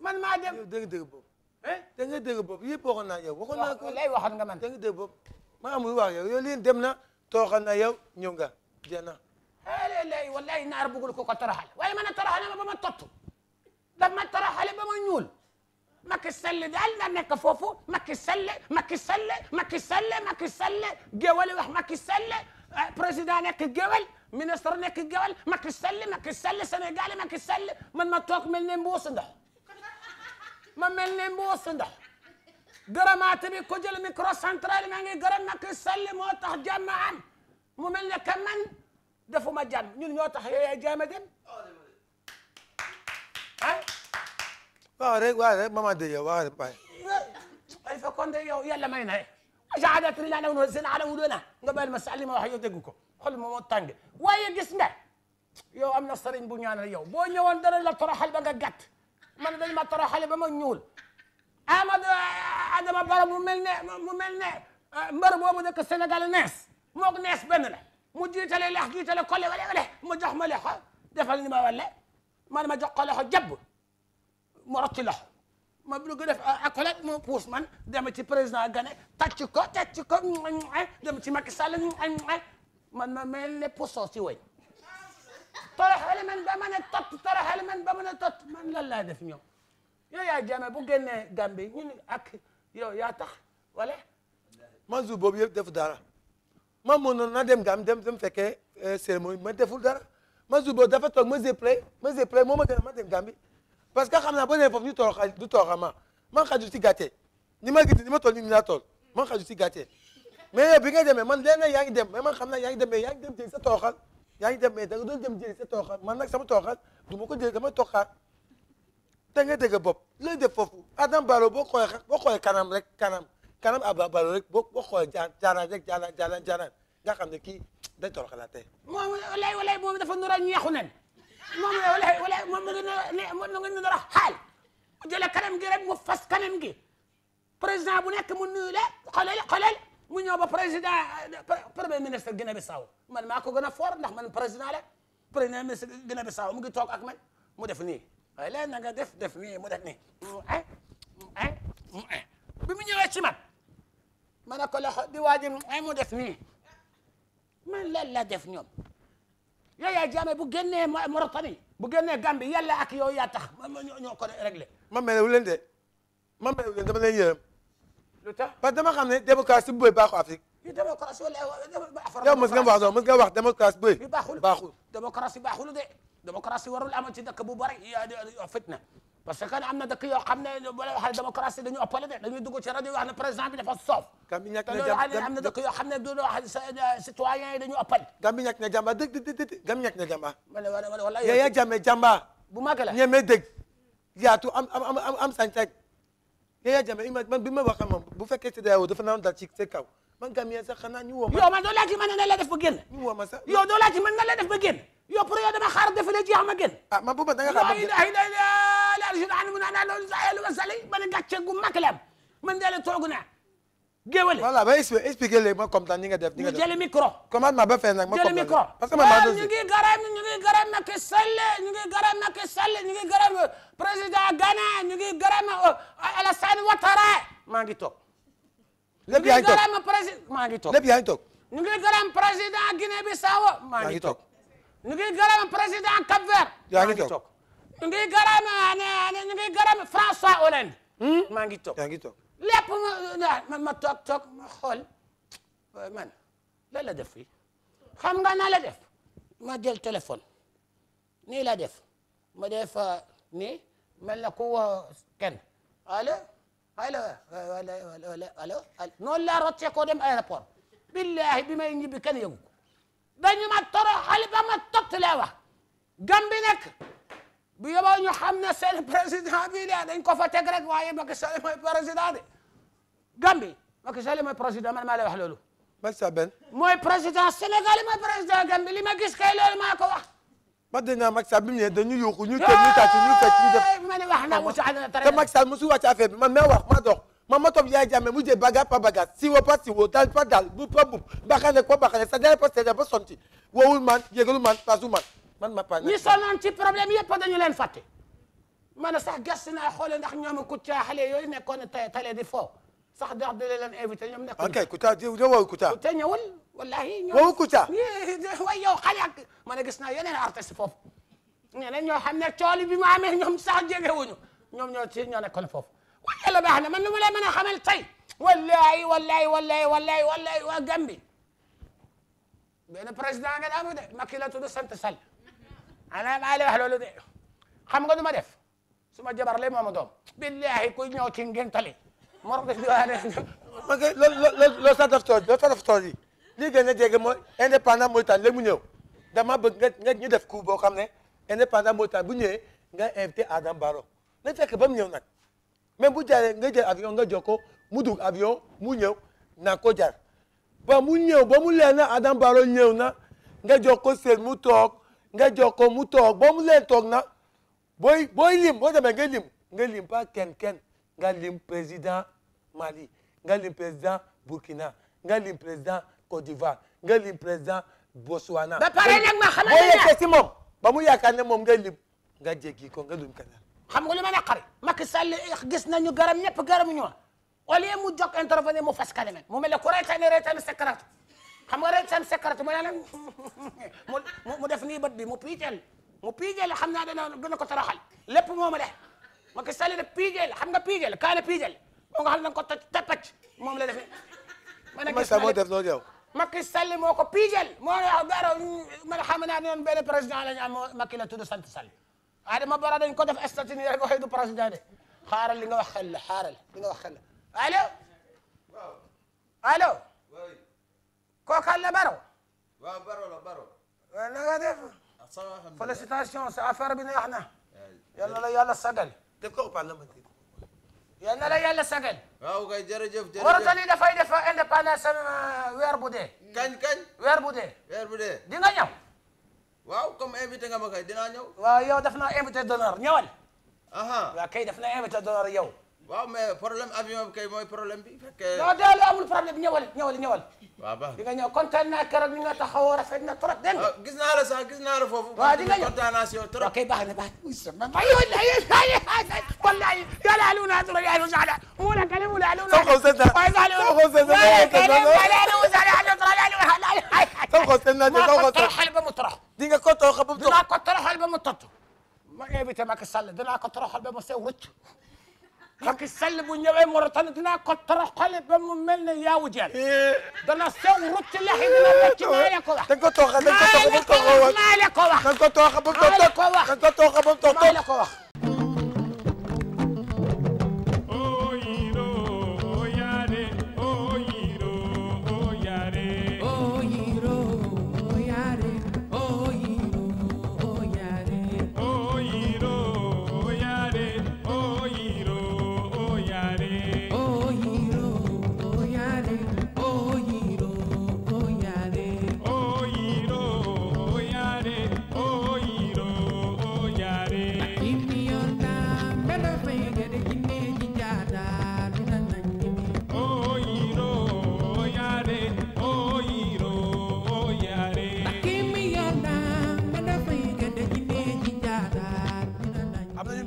Speaker 1: man maa dem dégg dégg boobu da nga eh? dégg boobu yëpp waxoon naa yow waxoon naa ko lay nga man da nga dégg boobu maa wax yow yow lii dem na tooxal na yow ñëw nga jeex na eh, lay wallahi naar bëggul ko ko toroxal waaye man a ma ba ma tottu da ma tara xale ba ma ñuul Macky Sall daal na nekk foofu Macky Sall Macky Sall Macky Sall Macky Sall géwal wax Macky Sall eh, président nekk géwal ministre nekk géwal Macky Sall Macky Sall man ma toog mel ne mbuusu ndox ma mel ne mbuusu ndox microcentrale maa ngi gërëm Macky mu mel ne que man defuma jàmm ñun ñoo tax yooyu ay waaw rek waaw rek maman de yow waaw rek bay ay fa kon de yow yàlla may na jaxadat ri lana woon seen ala wudoona nga bayal ma sàlli ma wax yow dégg ko xol ma moo tàng waaye gis nga yow am na sëriñ bu ñaanal yow boo ñëwoon dara la toroxal ba nga gàtt man dañ ma toroxale ba ma ñuul a Adama Baro mu mel ne mu mel ah, senegal mbër boobu dëkk Sénégal nees moog nees benn la mu jiitale lex jiitale kole wale wale mu jox ma lex defal ni ma wale man ma jox ko loxo jàpp mu rotti loxo ma bëgg def accolade ah, mu puus man dem ci président Gane tàcc ko tàcc ko dem ci Macky Sall man ma mel ne puso si way toroxale man ba mën a tot toroxale man ba mën a tot man lan laa def ñoom yow yaa jame bu génnee Gambie ñun ak yow yaa tax wala Mansour boobu yëpp def dara ma mënoon na dem Gambie dem dem fekkee euh, cérémonie ma deful dara Mansour Ba dafa toog Mose Play Mose Play moo ma gën a ma dem Gambie parce que xam naa boo nee foofu ñu tooxa du tooxa ma man xaju si gàcce ni ma gis ni ma toll nii laa toll man xaju si gàcce mais yow bi nga demee man léeg-léeg yaa ngi dem mais ma xam na yaa ngi dem mais yaa ngi dem jëli sa tooxal yaa ngi dem mais da nga doon dem jëli sa ma man nag sama tooxal du ma ko jëli dama toxaat te nga dëgg bopp looy def foofu Adam Barrow boo xoolee boo xoolee kanam rek kanam kanam Adam Barrow rek boo boo xoolee jaan jaanaan rek jaanaan jaanaan jaanaan nga xam ne kii dañ toro xalaatee moom walay walay moom dafa nora ñu yàqu nen moom mu ngi ne moom mu ngi nora xaal mu jëlee kanam gi rek mu fas kanam gi président bu nekk mu nuyu la xolel xolel mu ñëw ba président premier ministre Guinée Bissau man maa ko gën a fort ndax man président la premier ministre Guinée Bissau mu ngi toog ak man mu def nii waaye léegi na nga def def nii mu def nii eh, eh, eh. bi mu ñëwee ci man ma ko loxo di waa ji mu def nii man lan la def ñoom Yaya Jammeh bu génnee Mauritanie bu génnee Gambie yàlla ak yow yaa tax man ma ñoo ko réglé. man merewu leen de man merewu leen dama leen yërëm. lu tax parce que dama xam ne démocratie bu bëri baaxul Afrique. yu démocratie wala affaire. yow mos nga wax non mos nga wax démocratie bu bëri. baaxul baaxul démocratie baaxul de. démocratie warul am ci dëkk bu bari fitna. parce que am na dëkk yoo xam ne boo waxee démocratie dañu ëppale de ci rajo yoo xam ne bi dafa soof. Gambie ñàkk na jàmm am na dëkk wax citoyen yi na jàmba dëgg dëgg dëgg bu mag la ñeme dëgg. yaatu am am am am sañ bi ma wax moom bu fekkee si dayoo dafa naan dal ci sa kaw man Gambie sax xanaa ñu woo ma. yow man doo laaj ci man nan la def ba génn. ñu woo ma sax yow doo laaj ci man nan yow pour yow dama xaar defalee jeex ma gën. ah man booba da nga xam ne ay ay la jula an mun ana loolu sa yàlla wasali man gàcce gu mag la am man de la toog naa géwale. voilà ba expliqué léegi ma comprendre ñi nga def. ñi nga def ñu jëli micro. commandement ba feeñ nag ma comprendre jëli micro. parce que man maa doon ñu ngi gërëm ñu ngi gërëm Macky Sall ñu ngi gërëm Macky Sall ñu ngi gërëm euh, président Ghana ñu ngi gërëm euh, Alassane Ouattara maa ngi toog. lépp yaa ngi toog ñu ngi gërëm président maa ngi toog. lépp yaa ngi toog. ñu ngi gërëm président Guinée Bissau maa ngi toog ñu ngi gërëm président Cap Vert. yaa ngi toog ñu ngi gërëm eh, ñu François Hollande. Hmm? maa ngi toog yaa ma ma toog ma xool man lan la def fii xam nga na la def ma jël téléphone nii la def ma def eh, nii mel na ku woo kenn allo allo allo koo dem aéroport billahi bi may ñibbi kenn yëgu dañu ma toroxal ba ma tott lay wax Gàmbi nekk bu yóbboo ñu xam ne seen président bii de dañ ko fa teg rek waaye Macky Sall mooy président de Gàmbi Macky Sall mooy président man maa lay wax loolu. Macky Sall benn. mooy président Sénégal mooy président Gàmbi li ma gis kay loolu maa ko wax. ma dégg naa Macky Sall bi mu dañu yuuxu ñu teg ñu tàcc ñu fecc ñu def. ma ne wax na mu si ànd na te Macky Sall mosu wàcc affaire bi man wax maa dox. ma bi yaay jàmme mu je baga pa baga siwo pa siwo dal pa dal bu pa bu bakane ko bakane sa dal pa sa dal pa sonti wowul man yëgalul man pasu man man ma pa ñi sonnoon ci problème yëpp dañu leen fàtte ma a sax gëstu naa xoole ndax ñoom Kouthia xale yooyu nekkoon tey tale di fo sax dax dale leen invité ñoom nekkoon ok Kouthia wowu Kouthia Kouthia ñëwul wallahi wowu Kouthia way yow xale ak man a gis naa yeneen artiste foofu ñeneen ñoo xam ne cooli bi mu amee ñoom sax jegewuñu ñoom ñoo ci ñoo nekkoon foofu wax yàlla baax na man lu ma la mën a xamal tey wallahi wallahi wallahi wallahi wallahi waa Gambi benn président a daamu de sant Sall ana xam nga du def su ma jabar lay mooma doom billahi ku ñëw ci ngentali mor def di waa ne ma ngi loolu loolu loolu sax daf tooj loolu sax daf tooj yi lii gën a jege mooy mu ñëw dama bëgg nga ñu def coup boo xam ne indépendant Mauritanie bu ñëwee nga invité Adam Baro na fekk ba mu ñëw nag même bu jaaree nga jël avion nga jokkoo mu dugg avion mu ñëw na ko jar ba mu ñëw ba mu leen na Adam Baro ñëw na nga jokkoo seet mu toog nga jokkoo mu toog ba mu leen toog na booy booy lim boo demee nga lim nga lim pas kenn kenn nga lim président Mali nga lim président Burkina nga lim président Côte d'Ivoire nga lim président Botswana. ba pare nag ba mu yaakaar ne moom nga lim nga jéggi ko nga lim keneen. xam nga li ma naqari Macky Sall gis nañu garam ñëpp garam ñu au lieu mu jóg intervenir mu fas kanam mu mel ne ku reetaani reetaani secret xam nga reetaan mu def nii bët bi mu piijeel mu piijeel xam naa dana dana ko toroxal lépp moo ma de Macky Sall nag piijeel xam nga piijeel kaana piijeel moo nga xam ne ko tappac moom la defee. man ak moo def noonu yow. Macky Sall moo ko piijeel moo ne dara man xam naa ne la ñu am Macky la Sall. Adama Barrow dañ ko def statut nii rek waxee du président de xaaral li nga wax xel la xaaral li nga wax xel la allo allo kookaan la Barrow waaw Barrow la Barrow na nga def ah, félicitation sa affaire bi neex na yal na la yàlla sagal def ko parlementaire yal na la yàlla sagal waaw kay jërëjëf jërëjëf Mauritanie dafay def indépendance euh, weer bu dee kañ kañ weer bu dee weer bu dee di nga ñëw waaw comme invité nga ma kay dinaa ñëw. waaw yow daf naa invité d'honneur ñëwal. waaw kay daf naa invité d'honneur yow. waaw mais problème avion bi kay mooy problème bi. fekkee non daal amul problème ñëwal ñëwal ñëwal. waaw baax di nga ñëw kontaan naa keroog ni nga taxawoo rafet na trop dégg nga. Ah, gis naa la sax gis naa la foofu. waaw di nga ñëw kontaan naa si yow trop. ok baax na baax na. wallaahi yalaalu naa trop yalaalu sax la. mu ne kale mu laalu. soo ko seet la soo ko seet la. wallaahi kale mu laalu sax la. soo ko seet la soo ko seet la. maa ko toroxal ba mu torox. di nga ko toroxal ba mu tot dinaa ko toroxal ba mu tot ma invité Macky Sall dinaa ko toroxal ba mu sew rëcc Macky Sall bu ñëwee Mauritanie dinaa ko toroxal ba mu mel ne yaawu jeel eh. dana sew la ko eh. ko toroxal ko toroxal maa la ko wax maa la maa la ko wax.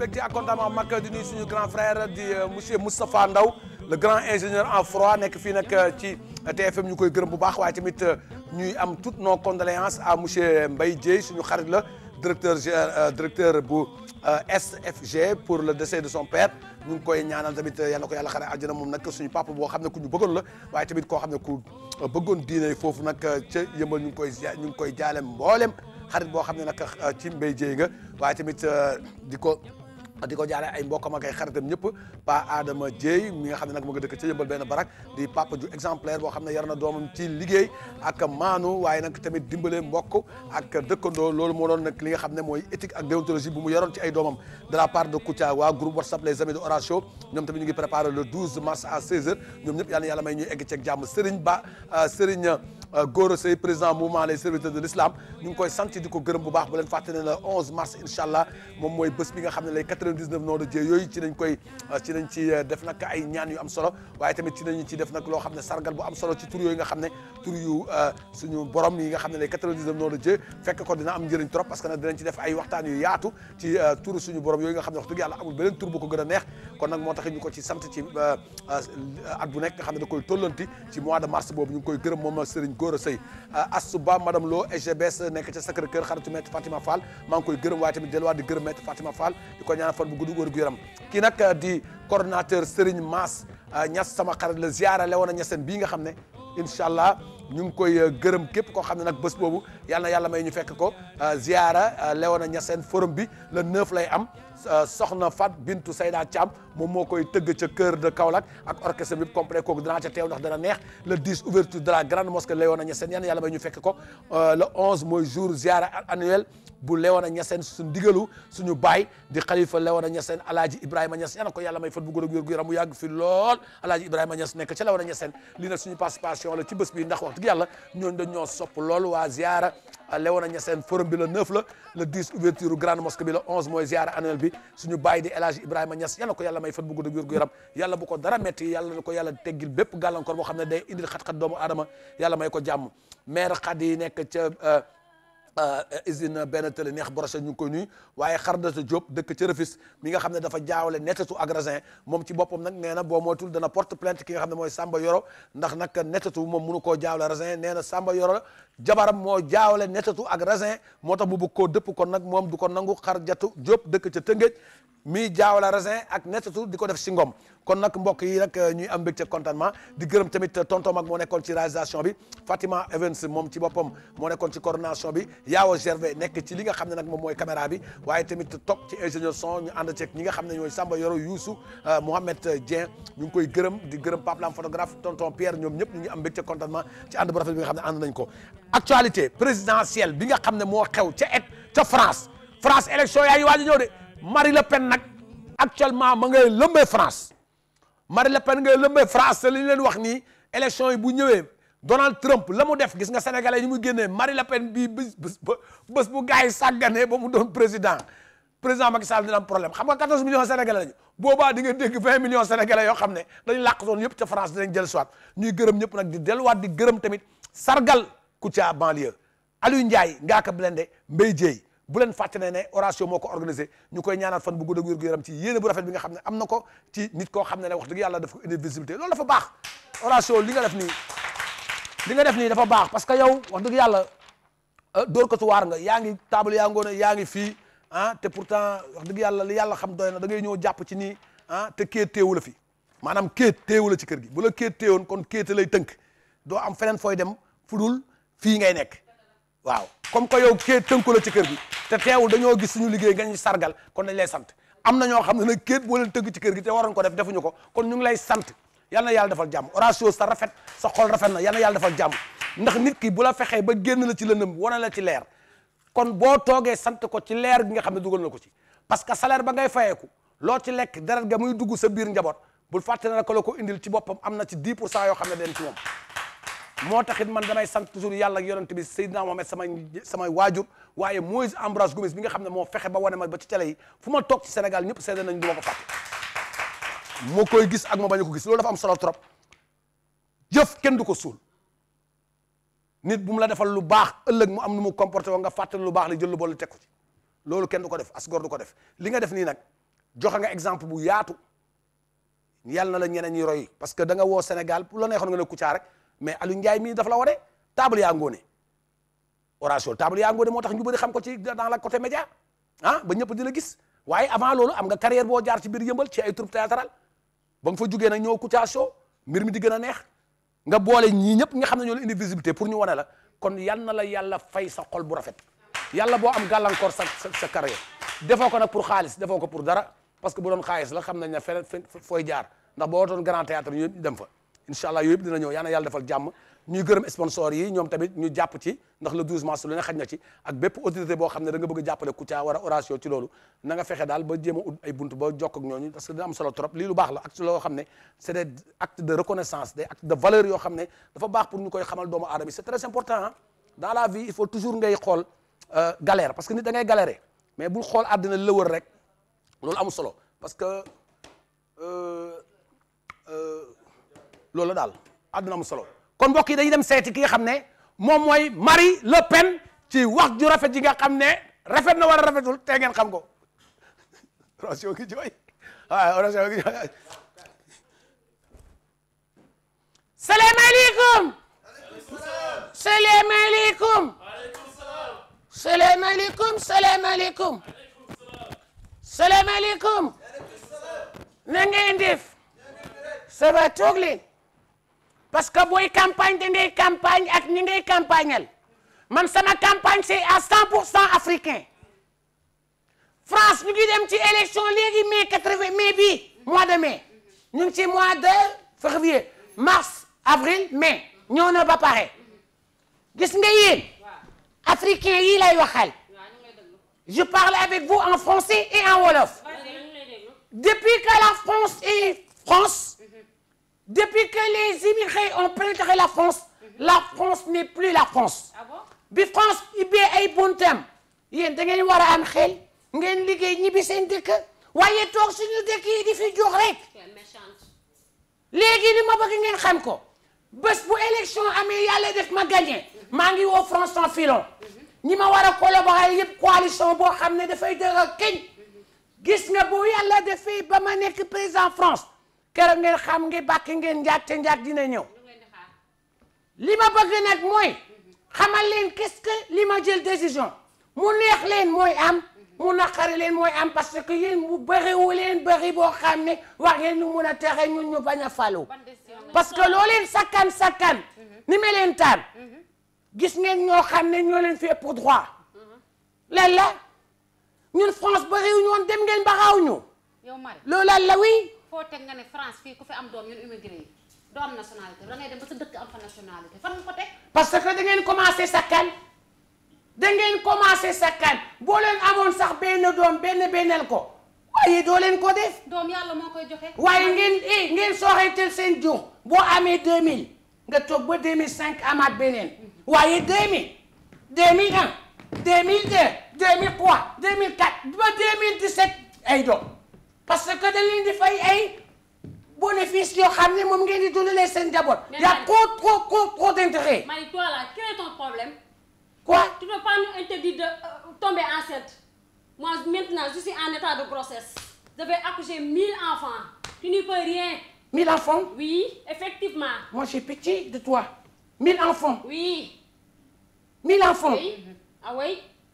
Speaker 1: mbégte ak kontaan mag di nuyu suñu grand frère di euh, monsieur Moustapha Ndaw le grand ingénieur en froid nekk fii nag euh, ci TFM ñu koy gërëm bu baax waaye tamit euh, ñuy am toutes nos condoléances à monsieur Mbaye Dieye suñu xarit la directeur directeur bu SFG pour le décès de son père ñu ngi koy ñaanal tamit yal na ko yàlla xare àjjana moom nag suñu papa boo xam ne ku ñu bëggoon la waaye tamit koo xam ne ku bëggoon diine foofu nag ca yëmbal ñu ngi koy ñu ngi koy jaale mboolem xarit boo xam ne nag ci mbay jéey nga waaye tamit di ko di ko jaale ay mbokkam ak ay xaritam ñëpp pa Adama Dieye mi nga xam ne nag mu nga dëkk ca benn barak di papa ju exemplaire boo xam ne yar na doomam ci liggéey ak maanu waaye nag tamit dimbale mbokk ak dëkkandoo loolu moo doon nag li nga xam ne mooy éthique ak déontologie bu mu yoroon ci ay doomam de part de Koutia waa groupe WhatsApp les amis de Horatio ñoom tamit ñu ngi préparé le mars à 16 ñoom ñëpp yàlla yàlla egg ceeg jàmm 99 noms de Dieu yooyu ci nañ ci nañ ci eh, ay ñaan yu am solo waaye tamit ci nañu ci def loo xam ne sargal bu am solo ci tur yooyu nga xam ne tur yu eh, suñu borom yi nga xam ne les 99 ko dina am njëriñ trop parce que nag dinañ ci def eh, a neex kon nag moo tax ñu ko ci ci at nga xam ne da koy tollanti ci mois de mars boobu ñu ngi koy gërëm moom Serigne Gora Seye Assou Ba madame Lo SGBS nekk ca Sacré xaritu maître Fatima Fall maa ngi koy gërëm waaye tamit delluwaat di gërëm fan bu gudd wër gu yaram kii nag euh, di coordonnateur Serigne Mass ñas euh, sama xarit la ziara Léona Niassène bii nga xam ne incha allah ñu ngi koy euh, gërëm képp koo xam ne nag bés boobu yal na yàlla may ñu fekk ko ziara Léona ñaseen forum bi le 9 lay am. soxna Fat Bintu Sayda Thiam moom moo koy tëgg ca kër de Kaolack ak orchestre bi complet kooku dinaa ca teew ndax dana neex le 10 ouverture de la grande mosquée Léona Niassène yan yàlla may ñu fekk ko euh, le 11 mooy jour ziara annuel bu Léona Niassène suñu digalu suñu baay di xalifa Léona Niassène alaaji Ibrahima Niass yana ko yàlla may fat bu góor ak wér gu yaram mu yàgg fi lool alaaji Ibrahima Niass nekk ca Léona Niassène lii nag suñu participation la ci bés bi ndax wax dëgg yàlla ñoo sopp lool a Niassène forum bi le 9 la le 10 ouverture grande mosquée bi le 11 mooy ziara annuel bi suñu bàyyi di El Hadj Ibrahima Niass yàlla ko yàlla may fan bu gudd ak wér gu yaram dara metti yàlla na ko yàlla teggil bépp gàllankoor boo xam ne day indil xat-xat doomu aadama yàlla may ko jàmm maire xad nekk euh, Euh, usine benn télé neex broché ñu ngi koy nuyu waaye Xardata Diop dëkk ca Rufis mi nga xam ne dafa jaawale nettatu ak raisin moom ci boppam nag nee na boo moytul dana porte plante ki nga xam ne mooy Samba Yoro ndax nag nettatu moom mënu koo jaawale raisin nee na Samba Yoro la jabaram moo jaawale nettetu ak raisin moo tax mu bëgg koo dëpp kon nag moom du ko nangu Xardata Diop dëkk ca Tëngéej mi jaawale raisin ak nettatu di ko def si ngom kon nag mbokk yi rek euh, ñuy am mbégte contentement di gërëm tamit euh, tonton mag moo nekkoon ci réalisation bi Fatima Evans moom ci boppam moo nekkoon ci coordination bi Yaawa Gervais nekk ci li nga xam ne nag moom mooy caméra bi waaye tamit toog ci ingénieur son ñu ànd ceeg ñi nga xam ne ñooy Samba Yoro Youssou euh, Mohamed Dieng ñu ngi koy gërëm di gërëm Pape Lam photographe tonton Pierre ñoom ñëpp ñu ngi am mbégte contentement ci ànd bu rafet bi nga xam ne ànd actualité présidentielle bi nga xam ne moo xew ca et ca France France élection yaa ngi waaj a ñëw de Marie Le Pen nag actuellement ma ngay lëmbee France Marie Le Pen ngay lëmbee France li ñu leen wax nii élection yi bu ñëwee Donald Trump la mu def gis nga sénégalais yi mu génnee Marie Le Pen bii bés bés bu gars yi sàgganee ba mu doon président président Macky Sall dina am problème xam nga 14 millions sénégalais lañu boobaa di nga dégg 20 millions sénégalais yoo xam ne dañu làq soon yëpp ca France dinañ jël soit ñuy gërëm ñëpp nag di delluwaat di gërëm tamit sargal Kouthia banlieue Aliou Ndiaye Ngaaka Blindé Mbaye Dièye bu leen fàtte ne ne Horatio moo ko organisé ñu koy ñaanal fan bu gudd ak wér gu yaram ci yéene bu rafet bi nga xam ne am na ko ci nit koo xam ne ne wax dëgg yàlla dafa ko indi visibilité loolu dafa baax Horatio li nga def li nga def nii dafa baax parce que yow wax dëgg yàlla euh, dóor ko nga yaa ngi table yaa ngoone yaa ngi fii ah te pourtant wax dëgg yàlla li yàlla xam doy na da ngay ñëw jàpp ci nii ah te kéet teewu la fi maanaam kéet teewu la ci kër gi bu la kéet teewoon kon kéete lay tënk doo am feneen fooy dem fudul fii ngay nekk waaw comme que yow kee tënku la ci kër gi te teewul dañoo gis suñu liggéey nga ñu sargal kon dañ lay sant am na ñoo xam ne nag kéet boo leen ci kër gi te waroon ko def defuñu ko kon ñu ngi lay sant yal na yàlla defal jàmm Horatio sa rafet sa xol rafet na yal na yàlla defal jàmm ndax nit ki bu la fexee ba génn la ci lëndëm wane la ci leer kon boo toogee sant ko ci leer gi nga xam ne dugal na ko ci parce que salaire ba ngay fayeeku loo ci lekk deret ga muy dugg sa biir njaboot bul fàtte na la ko indil ci boppam am na ci 10 pour yoo xam ne den ci moo taxit man damay sant toujours yàlla ak yonent bi Seydina Mohamed samay samay waajur waaye Moïse Ambroise Gomis bi nga xam ne moo fexe ba wane ma ba ci télé yi fu ma toog ci ñëpp seede nañ du moo koy gis ak ma bañ ko gis loolu am solo trop jëf kenn du ko suul nit bu mu la defal lu baax ëllëg mu am nu mu comporté woo nga fàttali lu baax li jël lu bon li teg ko ci loolu kenn du ko def asgor du ko def li nga def nii nag joxe nga exemple bu yaatu yàlla na la ñeneen ñi parce que da nga woo Sénégal pour la neexoon nga ne Kouthia rek mais Aliou Ndiaye mii daf la ware table yaa ngoone oration table moo tax ñu bëri xam ko ci dans la côté média ah ba ñëpp di la gis waaye avant loolu am nga carrière boo jaar ci biir yëmbal ci ay troupe théâtrale ba nga fa jugee nag ñëw Kouthia Show mbir mi di gën a neex nga boole ñii ñëpp nga xam ne ñoo la indi visibilité pour ñu wane la kon yal na la yàlla fay sa xol bu rafet yàlla boo am gàllankoor sa sa carrière defoo ko nag pour xaalis defoo ko pour dara parce que bu doon xaalis xam nañ ne feneen fooy jaar ndax boo doon grand dem fa incha allah yooyu yëpp dina ñëw yaa na yàlla defal jàmm ñuy gërëm sponsor yi ñoom tamit ñu jàpp ci ndax le 12 mars lu ne xaj na ci ak bépp autorité boo xam ne da bëgg a jàppale Kouthia war a oration ci loolu na nga daal ba jéem a ut ay bunt ba jokk ak ñooñu parce que dina am trop lii baax la acte loo xam ne c'est des actes ne koy xamal doomu aadama yi c'est très important dans la vie il faut toujours ngay xool euh, galère parce que nit da ngay mais bul xool àddina la wër rek loolu am solo parce euh, euh, loolu la daal àdduna mu solo kon mbokk day dañuy dem seeti ki nga xam ne moom mooy mari Le Pen ci wax ju rafet ji nga ne rafet na wara a rafetul te ngeen xam ko ration gi jooy waaw ration gi jooy salaamaaleykum
Speaker 2: salaamaaleykum salaamaaleykum
Speaker 1: salaamaaleykum salaamaaleykum na ngeen parce que booy campagne de ngay campagne ak ñi ngay campagnal man sama campagne c'est à 100 pour cent africain France ñu ngi dem ci élection léegi mai quatre 80 mai bi mois de mai ñu ngi ci mois de février mars avril mai ñëw na ba pare gis nga yéen africain yii lay waxal je parle avec vous en français et en wolof depuis que la France est France. depuis que les immigrés ont pénétré la France mhm. la France n'est plus la France ah bi France ubbee ay buntam yéen da ngeen war a am xel ngeen liggéey ñibbi seen dëkk waaye toog suñu dëkk yi di fi jox rek léegi li ma bëgg ngeen xam ko bés bu élection amee yàlla def ma gagné mhm. maa ngi woo France sans filon mhm. ñi ma war a collaborer coalition boo xam ne dafay dëgg kenn gis nga bu yàlla defee ba ma nekk président France keroog ngeen xam ngi bàkki ngeen njaag te njaag dina ñëw li ma bëgg nag mooy xamal leen quest que lii ma jël décision mu neex leen mooy am mu naqari leen mooy am parce que yéen mu bëriwu leen bëri boo xam ne wax ngeen ñu mun a texe ñu ñu bañ a falu parce que loo leen sakkan mhm. ni ma leen taan mhm. gis ngeen ñoo xam ne ñoo leen fi pour droit mhm. lan la ñun France bëriwu ñoon dem ngeen ba ñu loolu la oui foo teg nga ne France fii ku fi am doom ñun immigré yi doo da ngay dem ba sa dëkk am fa fan nga ko teg. parce que da ngeen commencé sakkan da ngeen commencé sakkan boo leen amoon sax benn doom benn bennel ko waaye doo leen ko def. doom yàlla moo koy joxe. waaye ngeen eh ngeen sooxeetal seen jur boo amee 2000 nga toog ba 2005 amaat beneen waaye 2000 2001 2002 2003 2004 ba 2017 ay doom. parce que da leen di fay ay bénéfice yoo xam ne moom ngeen di dundalee seen njaboot. y a trop trop trop trop d'intérêt. Marie toi là quel est ton problème. quoi tu ne peux pas nous interdire de euh, tomber enceinte moi maintenant je en état de grossesse je vais accoucher mille enfants tu n'y peux rien. mille enfants. oui effectivement. moi de toi. mille enfants. oui. mille enfants. Ah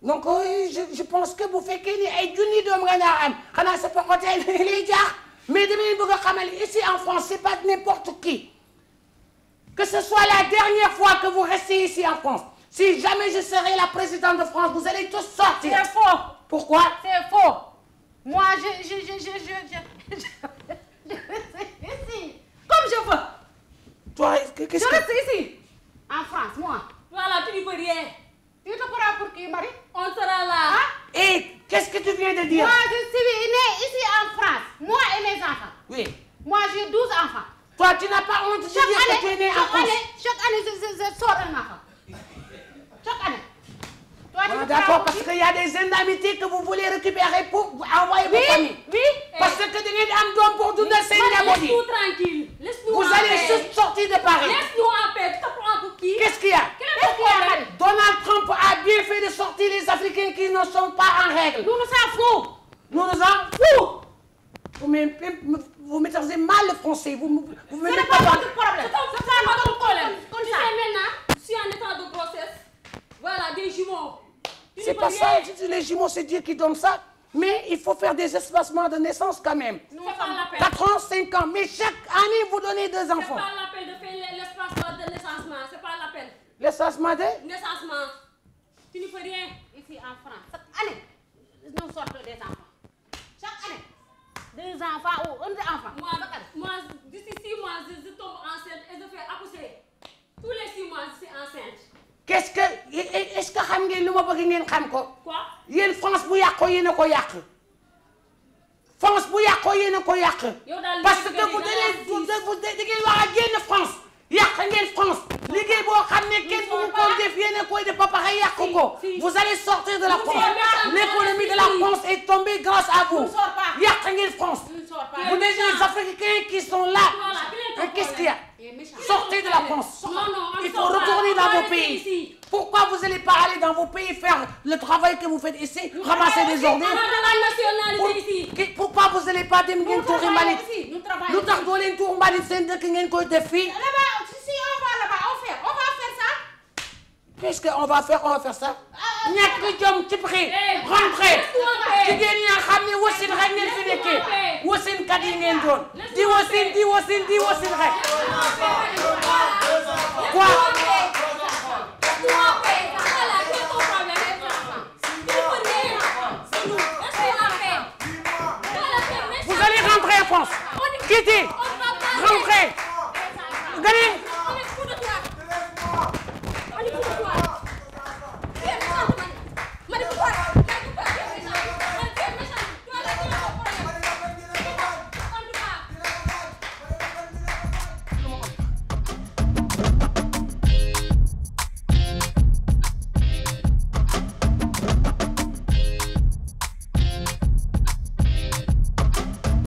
Speaker 1: donc euh, je pense que bu fekkee ni ay junni doom nga naa am xanaa sa poqoteel mais dama leen bëgg a xamal ici en France c'est pas n'importe qui que ce soit la dernière fois que vous restez ici en France si jamais je serai la présidente de France vous allez tous sortir. je reste ici comme je veux. toi qu'est-ce que je reste ici en France moi. voilà tu n'y peux rien. Tu te prends Marie On sera là. Hein? Et qu'est-ce que de dire Moi, je suis née ici en France. Moi et mes enfants. Moi, j'ai 12 enfants. Toi, tu n'as pas honte de dire année, que tu es année, je, année. Voilà, ah, d'accord, parce qu'il y a des indemnités que vous voulez récupérer pour envoyer vos familles. Oui, oui. Eh. Parce que vous avez un don pour donner ces indemnités. Laisse-nous tranquille. Vous allez juste sortir de Paris. Laisse-nous en paix. Tu te prends pour qui Qu'est-ce qu'il y a Donald Trump a bien fait de sortir les Africains qui ne sont pas en règle. Nous nous en fout. Nous nous en fout. Vous, vous maîtrisez mal le français. Vous, vous me mettez pas dans le problème. C'est pas notre problème. Tu sais maintenant, je suis en état de grossesse. Voilà, des jumeaux. c'est pas ça les jumeaux c'est Dieu qui donne ça mais il faut faire des espacements de naissance quand même. Nous, c'est pas la peine. 4 ans, 5 ans, mais chaque année vous donnez deux enfants. C'est pas la peine de faire l'espacement de naissance, c'est pas la peine. L'espacement de naissance. Tu ne peux rien ici en France. Chaque année, nous sortons des enfants. Chaque année, deux enfants ou un enfant. Moi, moi d'ici six mois, je, je tombe enceinte et je fais accoucher. Tous les six mois, je suis enceinte. qu'est-ce que est-ce que xam ngeen lu ma bëgg ngeen xam ko. yéen France bu yàqoo yéen a ko yàq. France bu yàqoo yéen ko yàq. parce que bu dee bu dee da ngeen France. yàq ngeen France liggéey boo xam ne kenn bu ko def yéen a koy def ba pare yàq ko vous allez sortir de la France l'économie de la France est tombée grâce à vous yàq ngeen France vous dee les Africains qui sont là quest a Sortez de la France. Non, non, Il faut retourner pas, dans vos pays. Ici. Pourquoi vous n'allez pas aller dans vos pays faire le travail que vous faites ici, nous des ordures Pourquoi vous n'allez pas dem ngeen tuuri mbalit lu tax doo leen tuur mbalit seen dëkk ngeen koy def fii puisque on va faire on va faire ça. ñàkk jom ci prix. Eh, rentré jigéen ñaa xam ne wasin rek ngeen fi nekkee wasin kat yi ngeen doon di wasin di wasin quoi. vous allez rentrer en France. Kitty rentrez.